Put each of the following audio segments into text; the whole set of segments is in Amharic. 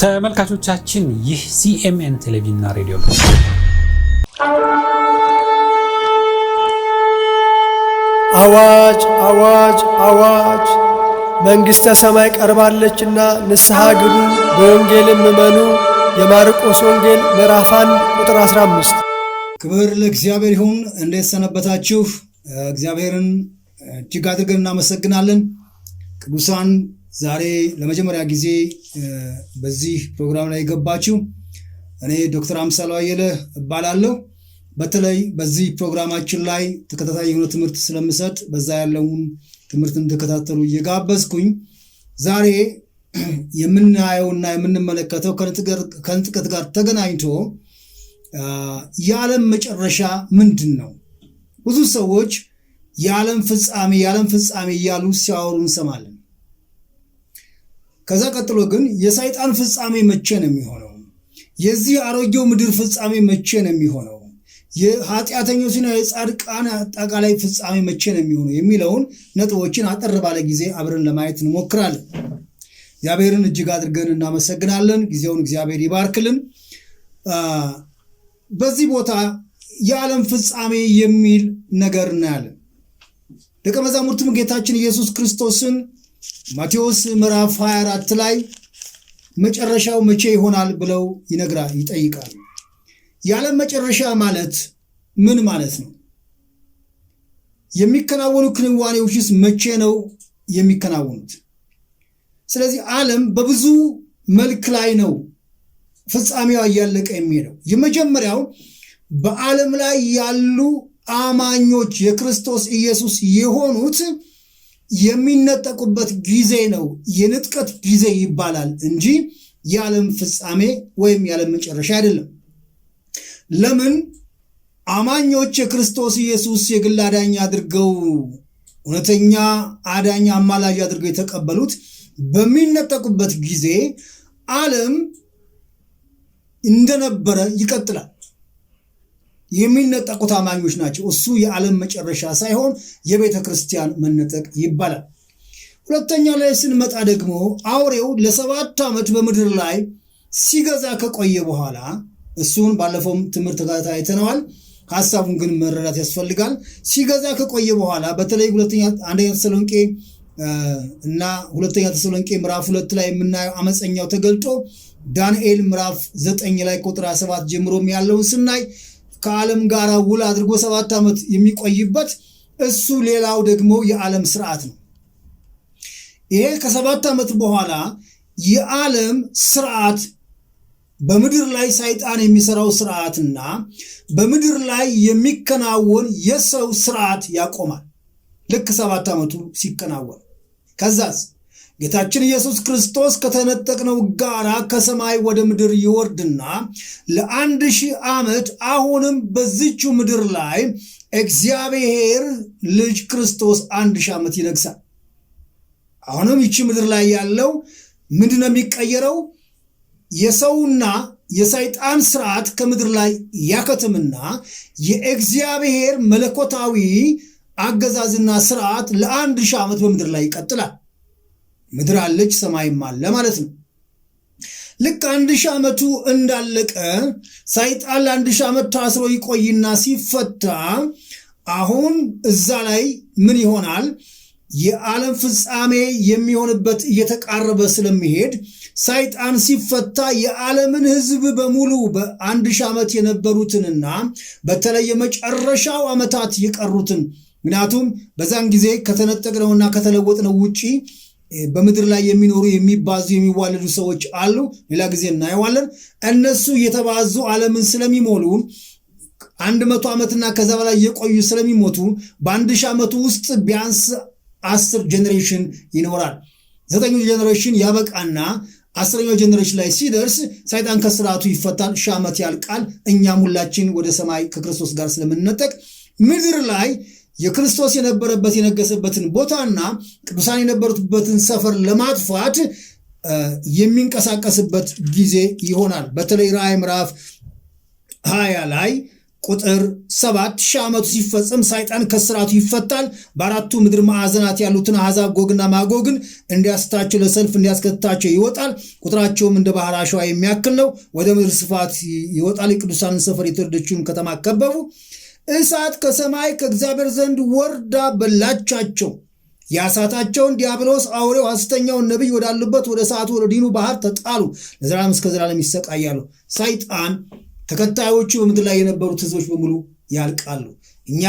ተመልካቾቻችን ይህ ሲኤምኤን ቴሌቪዥንና ሬዲዮ አዋጅ አዋጅ አዋጅ! መንግሥተ ሰማይ ቀርባለችና ንስሐ ግቡ በወንጌልም እመኑ። የማርቆስ ወንጌል ምዕራፍ 1 ቁጥር 15። ክብር ለእግዚአብሔር ይሁን። እንዴት ሰነበታችሁ? እግዚአብሔርን እጅግ አድርገን እናመሰግናለን። ቅዱሳን ዛሬ ለመጀመሪያ ጊዜ በዚህ ፕሮግራም ላይ የገባችሁ እኔ ዶክተር አምሳሉ አየለ እባላለሁ። በተለይ በዚህ ፕሮግራማችን ላይ ተከታታይ የሆነ ትምህርት ስለምሰጥ በዛ ያለውን ትምህርት እንድከታተሉ እየጋበዝኩኝ ዛሬ የምናየውና የምንመለከተው ከንጥቀት ጋር ተገናኝቶ የዓለም መጨረሻ ምንድን ነው? ብዙ ሰዎች የዓለም ፍጻሜ የዓለም ፍጻሜ እያሉ ሲያወሩ እንሰማለን። ከዛ ቀጥሎ ግን የሰይጣን ፍጻሜ መቼ ነው የሚሆነው? የዚህ አሮጌው ምድር ፍጻሜ መቼ ነው የሚሆነው? የኃጢአተኞችና የጻድቃን አጠቃላይ ፍጻሜ መቼ ነው የሚሆነው የሚለውን ነጥቦችን አጠር ባለ ጊዜ አብረን ለማየት እንሞክራለን። እግዚአብሔርን እጅግ አድርገን እናመሰግናለን። ጊዜውን እግዚአብሔር ይባርክልን። በዚህ ቦታ የዓለም ፍጻሜ የሚል ነገር እናያለን። ደቀ መዛሙርትም ጌታችን ኢየሱስ ክርስቶስን ማቴዎስ ምዕራፍ 24 ላይ መጨረሻው መቼ ይሆናል ብለው ይነግራ ይጠይቃል። የዓለም መጨረሻ ማለት ምን ማለት ነው? የሚከናወኑ ክንዋኔዎችስ መቼ ነው የሚከናወኑት? ስለዚህ ዓለም በብዙ መልክ ላይ ነው ፍጻሜዋ እያለቀ የሚሄደው። የመጀመሪያው በዓለም ላይ ያሉ አማኞች የክርስቶስ ኢየሱስ የሆኑት የሚነጠቁበት ጊዜ ነው። የንጥቀት ጊዜ ይባላል እንጂ የዓለም ፍጻሜ ወይም የዓለም መጨረሻ አይደለም። ለምን አማኞች የክርስቶስ ኢየሱስ የግል አዳኝ አድርገው እውነተኛ አዳኝ አማላጅ አድርገው የተቀበሉት በሚነጠቁበት ጊዜ ዓለም እንደነበረ ይቀጥላል። የሚነጠቁት አማኞች ናቸው። እሱ የዓለም መጨረሻ ሳይሆን የቤተ ክርስቲያን መነጠቅ ይባላል። ሁለተኛ ላይ ስንመጣ ደግሞ አውሬው ለሰባት ዓመት በምድር ላይ ሲገዛ ከቆየ በኋላ እሱን ባለፈውም ትምህርት ተከታታይ አይተነዋል። ሀሳቡን ግን መረዳት ያስፈልጋል። ሲገዛ ከቆየ በኋላ በተለይ ሁለተኛ አንደኛ ተሰሎንቄ እና ሁለተኛ ተሰሎንቄ ምዕራፍ ሁለት ላይ የምናየው አመፀኛው ተገልጦ ዳንኤል ምዕራፍ ዘጠኝ ላይ ቁጥር ሰባት ጀምሮም ያለውን ስናይ ከዓለም ጋር ውል አድርጎ ሰባት ዓመት የሚቆይበት እሱ ሌላው ደግሞ የዓለም ስርዓት ነው። ይሄ ከሰባት ዓመት በኋላ የዓለም ስርዓት በምድር ላይ ሰይጣን የሚሰራው ስርዓትና በምድር ላይ የሚከናወን የሰው ስርዓት ያቆማል። ልክ ሰባት ዓመቱ ሲከናወን ከዛስ ጌታችን ኢየሱስ ክርስቶስ ከተነጠቅነው ጋራ ከሰማይ ወደ ምድር ይወርድና ለአንድ ሺህ ዓመት አሁንም በዚቹ ምድር ላይ እግዚአብሔር ልጅ ክርስቶስ አንድ ሺህ ዓመት ይነግሳል። አሁንም ይቺ ምድር ላይ ያለው ምንድነው የሚቀየረው? የሰውና የሰይጣን ስርዓት ከምድር ላይ ያከትምና የእግዚአብሔር መለኮታዊ አገዛዝና ስርዓት ለአንድ ሺህ ዓመት በምድር ላይ ይቀጥላል። ምድር አለች ሰማይም አለ ማለት ነው። ልክ አንድ ሺህ ዓመቱ እንዳለቀ ሰይጣን ለአንድ ሺህ ዓመት ታስሮ ይቆይና ሲፈታ አሁን እዛ ላይ ምን ይሆናል? የዓለም ፍጻሜ የሚሆንበት እየተቃረበ ስለሚሄድ ሰይጣን ሲፈታ የዓለምን ሕዝብ በሙሉ በአንድ ሺህ ዓመት የነበሩትንና በተለይ የመጨረሻው ዓመታት የቀሩትን ምክንያቱም በዛን ጊዜ ከተነጠቅነውና ከተለወጥነው ውጪ በምድር ላይ የሚኖሩ የሚባዙ የሚዋለዱ ሰዎች አሉ። ሌላ ጊዜ እናየዋለን። እነሱ የተባዙ ዓለምን ስለሚሞሉ አንድ መቶ ዓመትና ከዛ በላይ የቆዩ ስለሚሞቱ በአንድ ሺህ ዓመቱ ውስጥ ቢያንስ አስር ጀኔሬሽን ይኖራል። ዘጠኙ ጀኔሬሽን ያበቃና አስረኛው ጀኔሬሽን ላይ ሲደርስ ሰይጣን ከስርዓቱ ይፈታል። ሺህ ዓመት ያልቃል። እኛም ሁላችን ወደ ሰማይ ከክርስቶስ ጋር ስለምንነጠቅ ምድር ላይ የክርስቶስ የነበረበት የነገሰበትን ቦታና ቅዱሳን የነበሩበትን ሰፈር ለማጥፋት የሚንቀሳቀስበት ጊዜ ይሆናል። በተለይ ራእይ ምዕራፍ ሀያ ላይ ቁጥር ሰባት ሺህ ዓመቱ ሲፈጸም ሰይጣን ከስርዓቱ ይፈታል። በአራቱ ምድር ማዕዘናት ያሉትን አሕዛብ ጎግና ማጎግን እንዲያስታቸው ለሰልፍ እንዲያስከትታቸው ይወጣል። ቁጥራቸውም እንደ ባህር አሸዋ የሚያክል ነው። ወደ ምድር ስፋት ይወጣል። የቅዱሳንን ሰፈር የተወደደችውን ከተማ ከበቡ። እሳት ከሰማይ ከእግዚአብሔር ዘንድ ወርዳ በላቻቸው። የአሳታቸውን ዲያብሎስ አውሬው ሐሰተኛውን ነቢይ ወዳሉበት ወደ ሰዓቱ ወደ ዲኑ ባህር ተጣሉ። ለዘላለም እስከ ዘላለም ይሰቃያሉ። ሰይጣን ተከታዮቹ በምድር ላይ የነበሩት ህዝቦች በሙሉ ያልቃሉ። እኛ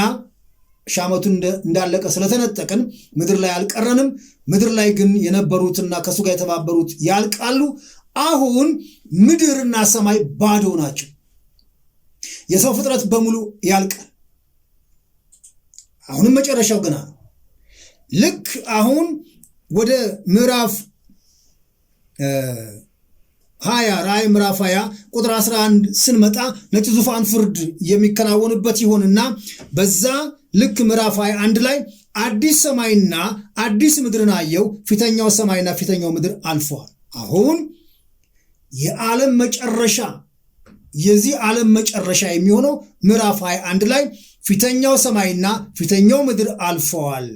ሻመቱን እንዳለቀ ስለተነጠቅን ምድር ላይ አልቀረንም። ምድር ላይ ግን የነበሩትና ከእሱ ጋር የተባበሩት ያልቃሉ። አሁን ምድርና ሰማይ ባዶ ናቸው። የሰው ፍጥረት በሙሉ ያልቃል። አሁንም መጨረሻው ገና ነው። ልክ አሁን ወደ ምዕራፍ ሀያ ራእይ ምዕራፍ ሀያ ቁጥር 11 ስንመጣ ነጭ ዙፋን ፍርድ የሚከናወንበት ይሆንና በዛ ልክ ምዕራፍ ሀያ አንድ ላይ አዲስ ሰማይና አዲስ ምድርን አየው፣ ፊተኛው ሰማይና ፊተኛው ምድር አልፈዋል። አሁን የዓለም መጨረሻ የዚህ ዓለም መጨረሻ የሚሆነው ምዕራፍ 21 ላይ ፊተኛው ሰማይና ፊተኛው ምድር አልፈዋል፣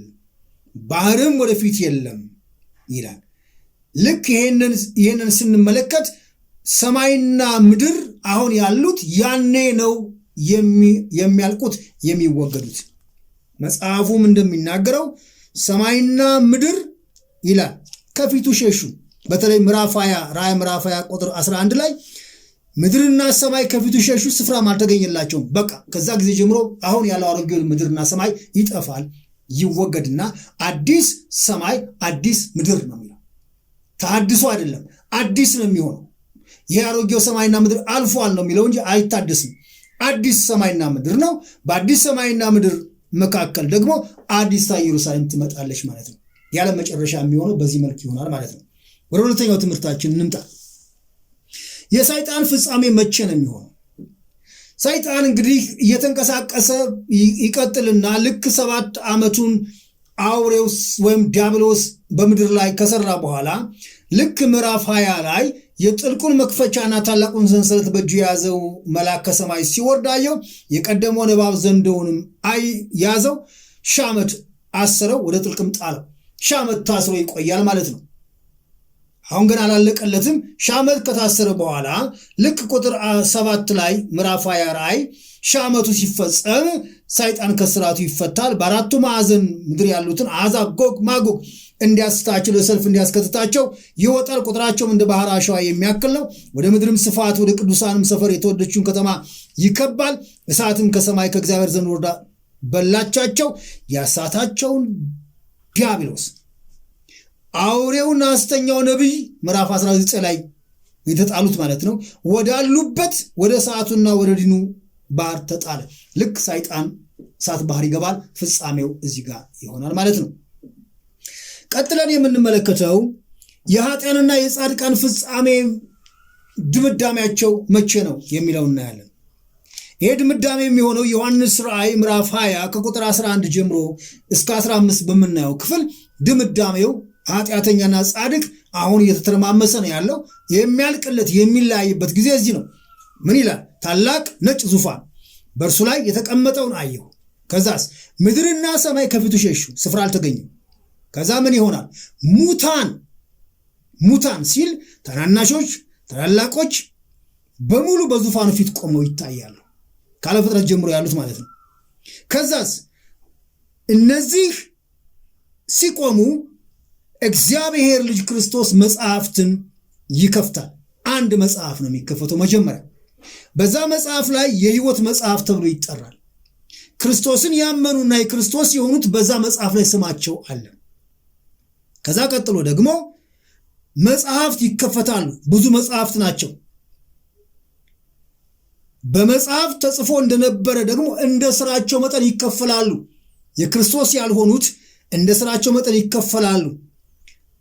ባህርም ወደፊት የለም ይላል። ልክ ይህንን ስንመለከት ሰማይና ምድር አሁን ያሉት ያኔ ነው የሚያልቁት የሚወገዱት። መጽሐፉም እንደሚናገረው ሰማይና ምድር ይላል ከፊቱ ሸሹ። በተለይ ምዕራፍ 20 ራዕይ ምዕራፍ 20 ቁጥር 11 ላይ ምድርና ሰማይ ከፊቱ ሸሹ፣ ስፍራ አልተገኘላቸውም። በቃ ከዛ ጊዜ ጀምሮ አሁን ያለው አሮጌ ምድርና ሰማይ ይጠፋል፣ ይወገድና አዲስ ሰማይ አዲስ ምድር ነው የሚለው። ተሐድሶ አይደለም አዲስ ነው የሚሆነው። ይህ አሮጌው ሰማይና ምድር አልፏል ነው የሚለው እንጂ አይታደስም። አዲስ ሰማይና ምድር ነው። በአዲስ ሰማይና ምድር መካከል ደግሞ አዲስ ኢየሩሳሌም ትመጣለች ማለት ነው። ያለ መጨረሻ የሚሆነው በዚህ መልክ ይሆናል ማለት ነው። ወደ ሁለተኛው ትምህርታችን እንምጣ። የሰይጣን ፍጻሜ መቼ ነው የሚሆነው? ሰይጣን እንግዲህ እየተንቀሳቀሰ ይቀጥልና ልክ ሰባት ዓመቱን አውሬውስ ወይም ዲያብሎስ በምድር ላይ ከሰራ በኋላ ልክ ምዕራፍ ሀያ ላይ የጥልቁን መክፈቻና ታላቁን ሰንሰለት በእጁ የያዘው መልአክ ከሰማይ ሲወርድ አየሁ። የቀደመውን እባብ ዘንዶውንም አይ ያዘው፣ ሺህ ዓመት አስረው ወደ ጥልቅም ጣለው። ሺህ ዓመት ታስሮ ይቆያል ማለት ነው። አሁን ግን አላለቀለትም። ሺህ ዓመት ከታሰረ በኋላ ልክ ቁጥር ሰባት ላይ ምዕራፍ ሃያ ላይ ሺህ ዓመቱ ሲፈጸም ሰይጣን ከስርዓቱ ይፈታል። በአራቱ ማዕዘን ምድር ያሉትን አሕዛብ ጎግ ማጎግ እንዲያስታቸው ለሰልፍ እንዲያስከትታቸው ይወጣል። ቁጥራቸውም እንደ ባህር አሸዋ የሚያክል ነው። ወደ ምድርም ስፋት ወደ ቅዱሳንም ሰፈር የተወደችውን ከተማ ይከባል። እሳትም ከሰማይ ከእግዚአብሔር ዘንድ ወርዳ በላቻቸው። ያሳታቸውን ዲያብሎስ አውሬውና አስተኛው ነቢይ ምዕራፍ 19 ላይ የተጣሉት ማለት ነው ወዳሉበት ወደ ሰዓቱና ወደ ዲኑ ባህር ተጣለ። ልክ ሰይጣን እሳት ባህር ይገባል። ፍጻሜው እዚህ ጋር ይሆናል ማለት ነው። ቀጥለን የምንመለከተው የኃጢያንና የጻድቃን ፍጻሜ ድምዳሜያቸው መቼ ነው የሚለው እናያለን። ይሄ ድምዳሜ የሚሆነው ዮሐንስ ራእይ ምዕራፍ 20 ከቁጥር 11 ጀምሮ እስከ 15 በምናየው ክፍል ድምዳሜው ኃጢአተኛና ጻድቅ አሁን እየተተረማመሰ ነው ያለው። የሚያልቅለት የሚለያይበት ጊዜ እዚህ ነው። ምን ይላል? ታላቅ ነጭ ዙፋን በእርሱ ላይ የተቀመጠውን አየሁ። ከዛስ ምድርና ሰማይ ከፊቱ ሸሹ፣ ስፍራ አልተገኘም። ከዛ ምን ይሆናል? ሙታን ሙታን ሲል ታናናሾች፣ ታላላቆች በሙሉ በዙፋኑ ፊት ቆመው ይታያሉ። ካለ ፍጥረት ጀምሮ ያሉት ማለት ነው። ከዛስ እነዚህ ሲቆሙ እግዚአብሔር ልጅ ክርስቶስ መጽሐፍትን ይከፍታል። አንድ መጽሐፍ ነው የሚከፈተው መጀመሪያ። በዛ መጽሐፍ ላይ የህይወት መጽሐፍ ተብሎ ይጠራል። ክርስቶስን ያመኑና የክርስቶስ የሆኑት በዛ መጽሐፍ ላይ ስማቸው አለ። ከዛ ቀጥሎ ደግሞ መጽሐፍት ይከፈታሉ። ብዙ መጽሐፍት ናቸው። በመጽሐፍ ተጽፎ እንደነበረ ደግሞ እንደ ስራቸው መጠን ይከፈላሉ። የክርስቶስ ያልሆኑት እንደ ስራቸው መጠን ይከፈላሉ።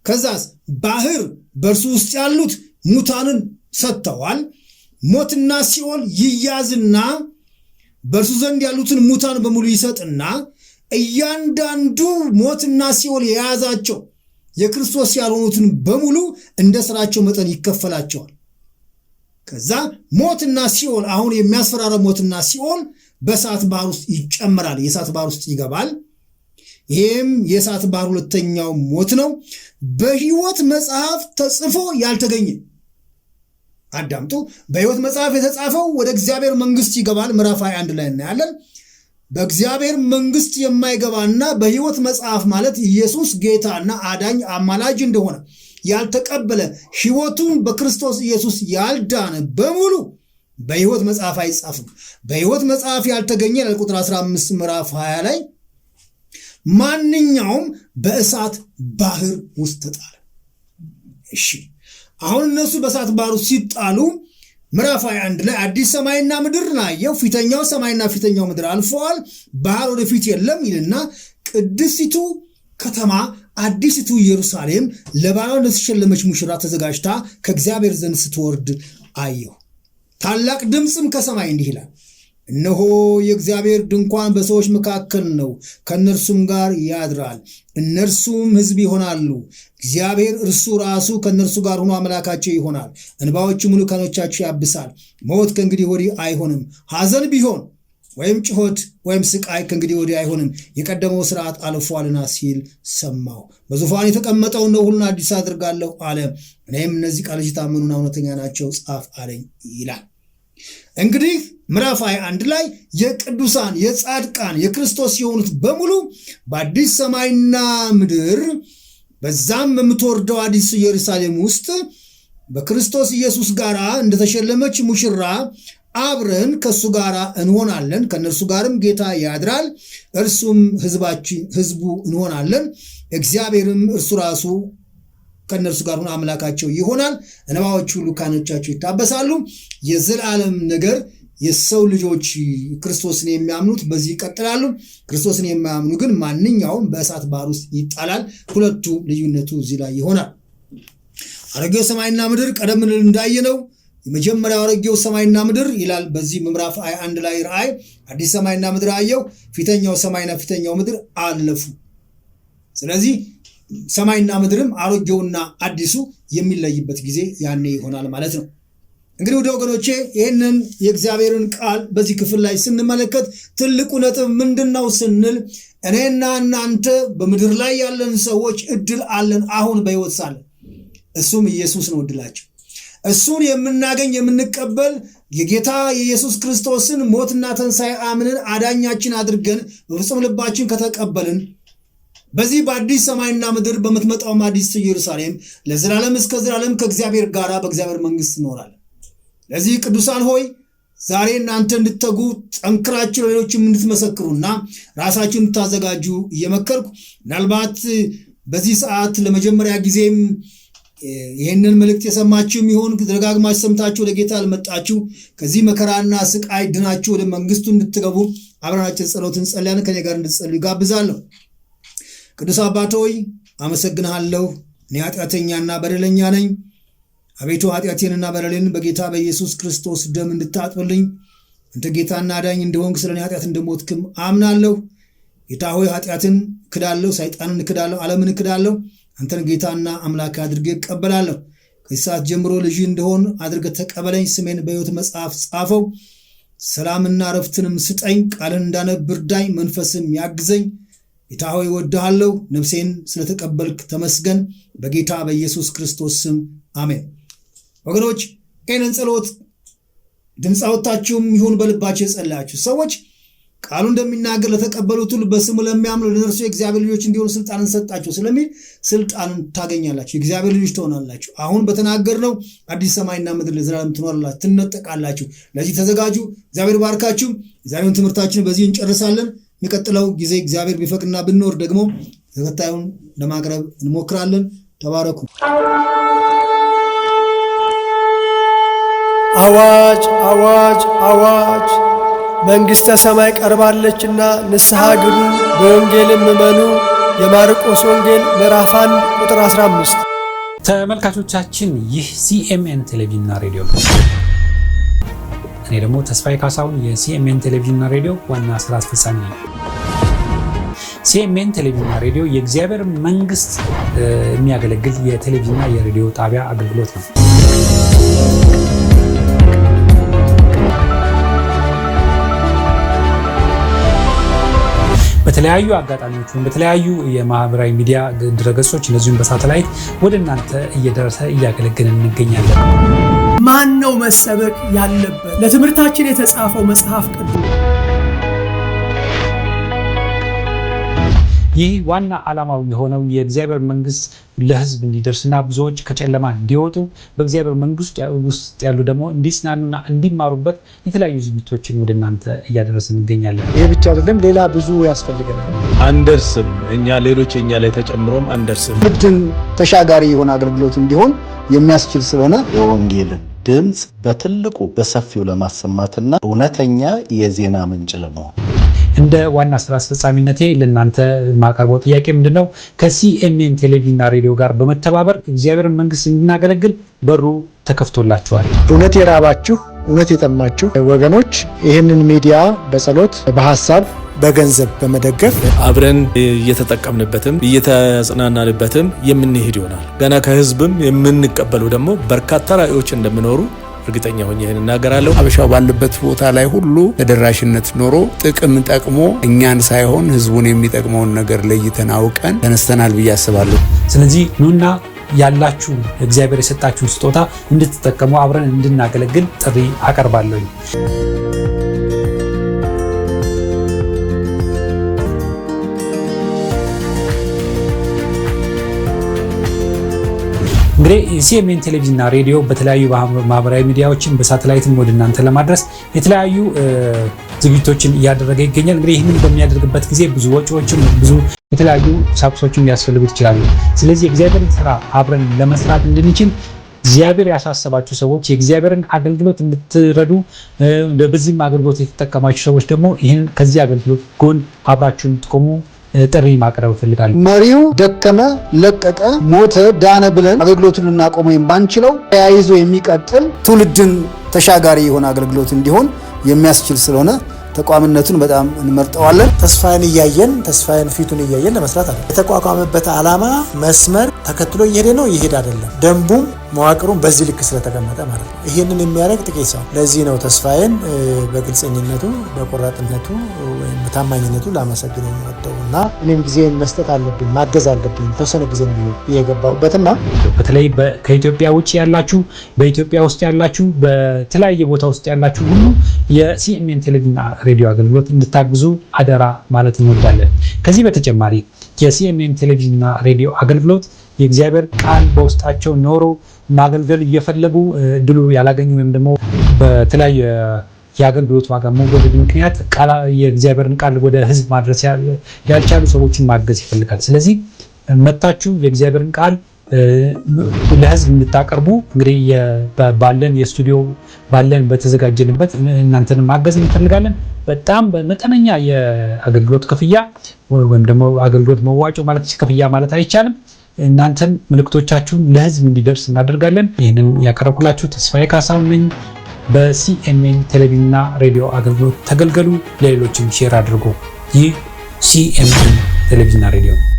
ከዛስ ባህር በእርሱ ውስጥ ያሉት ሙታንን ሰጥተዋል። ሞትና ሲኦል ይያዝና በእርሱ ዘንድ ያሉትን ሙታን በሙሉ ይሰጥና እያንዳንዱ ሞትና ሲኦል የያዛቸው የክርስቶስ ያልሆኑትን በሙሉ እንደ ስራቸው መጠን ይከፈላቸዋል። ከዛ ሞትና ሲኦል አሁን የሚያስፈራረ ሞትና ሲኦል በእሳት ባህር ውስጥ ይጨመራል፣ የእሳት ባህር ውስጥ ይገባል። ይህም የእሳት ባህር ሁለተኛው ሞት ነው። በሕይወት መጽሐፍ ተጽፎ ያልተገኘ አዳምጡ። በሕይወት መጽሐፍ የተጻፈው ወደ እግዚአብሔር መንግስት ይገባል። ምዕራፍ 21 ላይ እናያለን። በእግዚአብሔር መንግስት የማይገባና በሕይወት መጽሐፍ ማለት ኢየሱስ ጌታና አዳኝ አማላጅ እንደሆነ ያልተቀበለ ሕይወቱን በክርስቶስ ኢየሱስ ያልዳነ በሙሉ በሕይወት መጽሐፍ አይጻፍም። በሕይወት መጽሐፍ ያልተገኘ ለቁጥር 15 ምዕራፍ 20 ላይ ማንኛውም በእሳት ባህር ውስጥ ተጣለ። እሺ አሁን እነሱ በእሳት ባህር ውስጥ ሲጣሉ ምዕራፍ 21 ላይ አዲስ ሰማይና ምድር ናየው፣ ፊተኛው ሰማይና ፊተኛው ምድር አልፈዋል፣ ባህር ወደፊት የለም ይልና ቅድስቲቱ ከተማ አዲስቱ ኢየሩሳሌም ለባሏ እንደተሸለመች ሙሽራ ተዘጋጅታ ከእግዚአብሔር ዘንድ ስትወርድ አየሁ። ታላቅ ድምፅም ከሰማይ እንዲህ ይላል እነሆ የእግዚአብሔር ድንኳን በሰዎች መካከል ነው፣ ከእነርሱም ጋር ያድራል፣ እነርሱም ሕዝብ ይሆናሉ። እግዚአብሔር እርሱ ራሱ ከእነርሱ ጋር ሆኖ አምላካቸው ይሆናል፣ እንባዎቹ ሙሉ ከኖቻቸው ያብሳል። ሞት ከእንግዲህ ወዲህ አይሆንም፣ ሐዘን ቢሆን ወይም ጭሆት ወይም ስቃይ ከእንግዲህ ወዲህ አይሆንም፣ የቀደመው ስርዓት አልፏልና ሲል ሰማሁ። በዙፋን የተቀመጠው ነው ሁሉን አዲስ አድርጋለሁ አለ። እኔም እነዚህ ቃሎች የታመኑና እውነተኛ ናቸው ጻፍ አለኝ ይላል። እንግዲህ ምዕራፍ 21 ላይ የቅዱሳን የጻድቃን የክርስቶስ የሆኑት በሙሉ በአዲስ ሰማይና ምድር በዛም በምትወርደው አዲስ ኢየሩሳሌም ውስጥ በክርስቶስ ኢየሱስ ጋር እንደተሸለመች ሙሽራ አብረን ከእሱ ጋር እንሆናለን። ከእነርሱ ጋርም ጌታ ያድራል፣ እርሱም ሕዝቡ እንሆናለን። እግዚአብሔርም እርሱ ራሱ ከእነርሱ ጋር ሆኖ አምላካቸው ይሆናል። እንባዎቹ ሁሉ ከዓይኖቻቸው ይታበሳሉ። የዘላለም ነገር የሰው ልጆች ክርስቶስን የሚያምኑት በዚህ ይቀጥላሉ። ክርስቶስን የማያምኑ ግን ማንኛውም በእሳት ባህር ውስጥ ይጣላል። ሁለቱ ልዩነቱ እዚህ ላይ ይሆናል። አሮጌው ሰማይና ምድር ቀደም ብለን እንዳየነው የመጀመሪያው አሮጌው ሰማይና ምድር ይላል። በዚህ ምዕራፍ አንድ ላይ ራእይ አዲስ ሰማይና ምድር አየው፣ ፊተኛው ሰማይና ፊተኛው ምድር አለፉ። ስለዚህ ሰማይና ምድርም አሮጌውና አዲሱ የሚለይበት ጊዜ ያኔ ይሆናል ማለት ነው። እንግዲህ ወደ ወገኖቼ ይህንን የእግዚአብሔርን ቃል በዚህ ክፍል ላይ ስንመለከት ትልቁ ነጥብ ምንድን ነው ስንል እኔና እናንተ በምድር ላይ ያለን ሰዎች እድል አለን። አሁን በሕይወት ሳለን እሱም ኢየሱስ ነው እድላቸው። እሱን የምናገኝ የምንቀበል የጌታ የኢየሱስ ክርስቶስን ሞትና ተንሣኤ አምንን አዳኛችን አድርገን በፍጹም ልባችን ከተቀበልን በዚህ በአዲስ ሰማይና ምድር በምትመጣውም አዲስ ኢየሩሳሌም ለዘላለም እስከ ዘላለም ከእግዚአብሔር ጋር በእግዚአብሔር መንግስት እኖራለን። ለዚህ ቅዱሳን ሆይ ዛሬ እናንተ እንድትተጉ ጠንክራችሁ ለሌሎችም እንድትመሰክሩና ራሳችሁ እንድታዘጋጁ እየመከርኩ ምናልባት በዚህ ሰዓት ለመጀመሪያ ጊዜም ይህንን መልእክት የሰማችሁ የሚሆን ደጋግማችሁ ሰምታችሁ ወደ ጌታ ከዚህ መከራና ስቃይ ድናችሁ ወደ መንግስቱ እንድትገቡ አብረናችን ጸሎት እንጸልያን። ከኔ ጋር እንድትጸልዩ ይጋብዛለሁ። ቅዱስ አባት ሆይ አመሰግንሃለሁ። እኔ ኃጢአተኛና በደለኛ ነኝ። አቤቱ ኃጢአቴንና በደሌን በጌታ በኢየሱስ ክርስቶስ ደም እንድታጥብልኝ እንተ ጌታና ዳኝ እንደሆንክ ስለ እኔ ኃጢአት እንደሞትክም አምናለሁ። ጌታ ሆይ ኃጢአትን እክዳለሁ፣ ሰይጣንን እክዳለሁ፣ ዓለምን እክዳለሁ። አንተን ጌታና አምላክ አድርጌ እቀበላለሁ። ከዚህ ሰዓት ጀምሮ ልጅ እንደሆን አድርገ ተቀበለኝ። ስሜን በሕይወት መጽሐፍ ጻፈው። ሰላምና ረፍትንም ስጠኝ። ቃልን እንዳነብር ዳኝ መንፈስም ያግዘኝ። ጌታ ሆይ እወድሃለሁ፣ ነፍሴን ስለተቀበልክ ተመስገን። በጌታ በኢየሱስ ክርስቶስ ስም አሜን። ወገኖች ይህንን ጸሎት ድምፅ ይሁን በልባችሁ የጸለያችሁ ሰዎች ቃሉ እንደሚናገር ለተቀበሉት ሁሉ በስሙ ለሚያምኑ ለነርሱ የእግዚአብሔር ልጆች እንዲሆኑ ስልጣንን ሰጣቸው ስለሚል ስልጣንን ታገኛላችሁ፣ የእግዚአብሔር ልጆች ትሆናላችሁ። አሁን በተናገርነው አዲስ ሰማይና ምድር ለዘላለም ትኖራላችሁ፣ ትነጠቃላችሁ። ለዚህ ተዘጋጁ። እግዚአብሔር ባርካችሁ። የዛሬውን ትምህርታችን በዚህ እንጨርሳለን። የሚቀጥለው ጊዜ እግዚአብሔር ቢፈቅድና ብንኖር ደግሞ ተከታዩን ለማቅረብ እንሞክራለን። ተባረኩ። አዋጅ! አዋጅ! አዋጅ! መንግሥተ ሰማይ ቀርባለችና ንስሐ ግቡ፣ በወንጌልም እመኑ። የማርቆስ ወንጌል ምዕራፍ 1 ቁጥር 15። ተመልካቾቻችን ይህ ሲኤምኤን ቴሌቪዥንና ሬዲዮ እኔ ደግሞ ተስፋዬ ካሳሁን የሲኤምኤን ቴሌቪዥንና ሬዲዮ ዋና ስራ አስፈጻሚ ነኝ። ሲኤምኤን ቴሌቪዥንና ሬዲዮ የእግዚአብሔር መንግስት የሚያገለግል የቴሌቪዥንና የሬዲዮ ጣቢያ አገልግሎት ነው። በተለያዩ አጋጣሚዎች ወይም በተለያዩ የማህበራዊ ሚዲያ ድረገጾች እነዚሁም በሳተላይት ወደ እናንተ እየደረሰ እያገለገልን እንገኛለን። ማን ነው መሰበክ ያለበት? ለትምህርታችን የተጻፈው መጽሐፍ ቅዱስ ይህ ዋና ዓላማው የሆነው የእግዚአብሔር መንግስት ለህዝብ እንዲደርስና ብዙዎች ከጨለማ እንዲወጡ በእግዚአብሔር መንግስት ውስጥ ያሉ ደግሞ እንዲጽናኑና እንዲማሩበት የተለያዩ ዝግጅቶችን ወደ እናንተ እያደረስ እንገኛለን። ይህ ብቻ አይደለም፣ ሌላ ብዙ ያስፈልገናል። አንደርስም እኛ ሌሎች እኛ ላይ ተጨምሮም አንደርስም። ምድን ተሻጋሪ የሆነ አገልግሎት እንዲሆን የሚያስችል ስለሆነ የወንጌልን ድምፅ በትልቁ በሰፊው ለማሰማትና እውነተኛ የዜና ምንጭ ለመሆን እንደ ዋና ስራ አስፈጻሚነቴ ለእናንተ ማቀርበው ጥያቄ ምንድን ነው? ከሲኤምኤን ቴሌቪዥንና ሬዲዮ ጋር በመተባበር እግዚአብሔርን መንግስት እንድናገለግል በሩ ተከፍቶላችኋል። እውነት የራባችሁ እውነት የጠማችሁ ወገኖች ይህንን ሚዲያ በጸሎት በሀሳብ በገንዘብ በመደገፍ አብረን እየተጠቀምንበትም እየተጽናናንበትም የምንሄድ ይሆናል። ገና ከህዝብም የምንቀበሉ ደግሞ በርካታ ራዕዮች እንደሚኖሩ እርግጠኛ ሆኜ ይህን እናገራለሁ። ሀበሻው ባለበት ቦታ ላይ ሁሉ ተደራሽነት ኖሮ ጥቅም ጠቅሞ እኛን ሳይሆን ህዝቡን የሚጠቅመውን ነገር ለይተን አውቀን ተነስተናል ብዬ አስባለሁ። ስለዚህ ኑና ያላችሁ እግዚአብሔር የሰጣችሁን ስጦታ እንድትጠቀሙ አብረን እንድናገለግል ጥሪ አቀርባለሁኝ። እንግዲህ ሲኤምኤን ቴሌቪዥንና ሬዲዮ በተለያዩ ማህበራዊ ሚዲያዎችን በሳተላይትም ወደ እናንተ ለማድረስ የተለያዩ ዝግጅቶችን እያደረገ ይገኛል። እንግዲህ ይህንን በሚያደርግበት ጊዜ ብዙ ወጪዎችም ብዙ የተለያዩ ቁሳቁሶችም ሊያስፈልጉት ይችላሉ። ስለዚህ የእግዚአብሔርን ስራ አብረን ለመስራት እንድንችል እግዚአብሔር ያሳሰባችሁ ሰዎች የእግዚአብሔርን አገልግሎት እንድትረዱ በዚህም አገልግሎት የተጠቀማችሁ ሰዎች ደግሞ ይህን ከዚህ አገልግሎት ጎን አብራችሁ እንድትቆሙ ጥሪ ማቅረብ እፈልጋለሁ። መሪው ደከመ፣ ለቀቀ፣ ሞተ፣ ዳነ ብለን አገልግሎቱን ልናቆመ ባንችለው ተያይዞ የሚቀጥል ትውልድን ተሻጋሪ የሆነ አገልግሎት እንዲሆን የሚያስችል ስለሆነ ተቋምነቱን በጣም እንመርጠዋለን። ተስፋን እያየን ተስፋን ፊቱን እያየን ለመስራት አለ የተቋቋመበት ዓላማ መስመር ተከትሎ እየሄደ ነው። ይሄድ አይደለም ደንቡም መዋቅሩን በዚህ ልክ ስለተቀመጠ ማለት ነው። ይህንን የሚያደርግ ጥቂት ሰው። ለዚህ ነው ተስፋዬን በግልጸኝነቱ በቆራጥነቱ ወይም በታማኝነቱ ላመሰግን የሚወደው እና እኔም ጊዜን መስጠት አለብኝ ማገዝ አለብኝ የተወሰነ ጊዜ የገባሁበት እና በተለይ ከኢትዮጵያ ውጭ ያላችሁ በኢትዮጵያ ውስጥ ያላችሁ በተለያየ ቦታ ውስጥ ያላችሁ ሁሉ የሲኤምኤን ቴሌቪዥን ሬዲዮ አገልግሎት እንድታግዙ አደራ ማለት እንወዳለን። ከዚህ በተጨማሪ የሲኤምኤን ቴሌቪዥንና ሬዲዮ አገልግሎት የእግዚአብሔር ቃል በውስጣቸው ኖሮ ማገልገል እየፈለጉ እድሉ ያላገኙ ወይም ደግሞ በተለያየ የአገልግሎት ዋጋ መወደድ ምክንያት የእግዚአብሔርን ቃል ወደ ህዝብ ማድረስ ያልቻሉ ሰዎችን ማገዝ ይፈልጋል። ስለዚህ መታችሁ የእግዚአብሔርን ቃል ለህዝብ እንድታቀርቡ እንግዲህ ባለን የስቱዲዮ ባለን በተዘጋጀንበት እናንተን ማገዝ እንፈልጋለን። በጣም በመጠነኛ የአገልግሎት ክፍያ ወይም ደግሞ አገልግሎት መዋጮ ማለት ክፍያ ማለት አይቻልም። እናንተም ምልክቶቻችሁን ለህዝብ እንዲደርስ እናደርጋለን። ይህንን ያቀረብኩላችሁ ተስፋዬ ካሳሁን ነኝ። በሲኤምኤን ቴሌቪዥንና ሬዲዮ አገልግሎት ተገልገሉ፣ ለሌሎችም ሼር አድርጉ። ይህ ሲኤምኤን ቴሌቪዥንና ሬዲዮ ነው።